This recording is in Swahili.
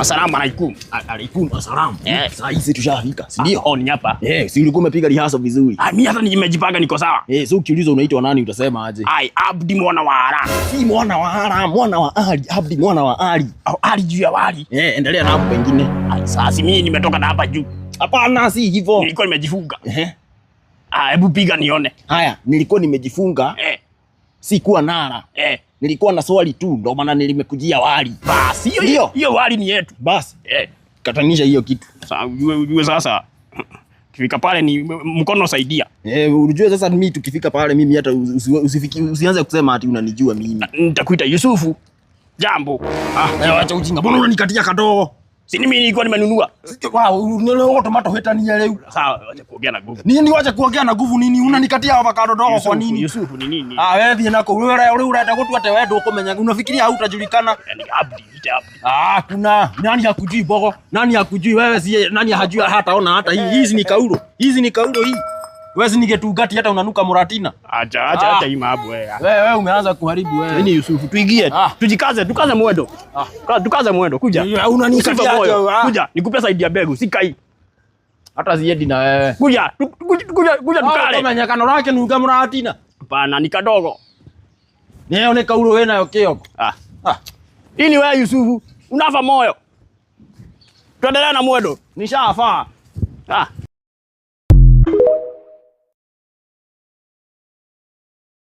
Asalamu alaikum. Alaikum asalamu. Eh, sasa hizi tushafika. Si ndio? Oh, ni hapa. Eh, si ulikuwa umepiga rihaso vizuri. Ah, mimi hata nimejipanga niko sawa. Eh, so ukiulizwa unaitwa nani utasema aje? Ai, Abdi mwana wa Ara. Si mwana wa Ara, mwana wa Ali, Abdi mwana wa Ali. Au Ali juu ya wali. Eh, endelea na hapo pengine. Ai, sasa si mimi nimetoka na hapa juu. Hapana, si hivyo. Nilikuwa nimejifunga. Eh. Ah, hebu piga nione. Haya, nilikuwa nimejifunga. Eh. Sikuwa nara. Eh. Nilikuwa na swali tu, ndo maana nilimekujia wali. Basi hiyo hiyo wali ni yetu. Basi eh, katanisha hiyo kitu. Sasa ujue sasa kifika pale ni mkono saidia. Eh, ujue sasa mimi tukifika pale mimi hata usifiki usianze kusema ati unanijua mimi. Nitakuita Yusufu. Jambo. Ah, eh, acha ujinga. Mbona unanikatia kadoo? Si mimi nilikuwa nimenunua. Wow, unaona tomato heta ni leo. Sawa, acha kuongea na nguvu. Nini wacha kuongea na nguvu nini? Unanikatia avocado dogo kwa nini? Yusufu ni nini? Ah, wewe thie nako. Wewe wewe unataka kutu ate wewe ndio kumenya. Unafikiria hautajulikana? Yaani abdi, ite abdi. Ah, kuna nani hakujui bogo? Nani hakujui wewe si nani hajui hata ona hata hii. Eh, Hizi ni eh. kaulo. Hizi ni kaulo hii. Wewe si gati hata unanuka muratina. Acha acha ah. acha hii mabu wewe. Wewe wewe umeanza kuharibu wewe. Nini yaani Yusufu tuingie. Ah. Tujikaze, tukaze mwendo. Ah. Tukaze mwendo kuja. Unanikatia aje? Ah. Kuja, nikupe side ya begu, hii. Hata ziedi na wewe. Kuja, kuja kuja tukale. Kama nyakano rake nuka muratina. Hapana, ni kadogo. Nione kauro wewe nayo kioko. Ah. Ah. Ini wewe Yusufu unafa moyo. Tuendelee na mwendo. Nishafaa. Ah.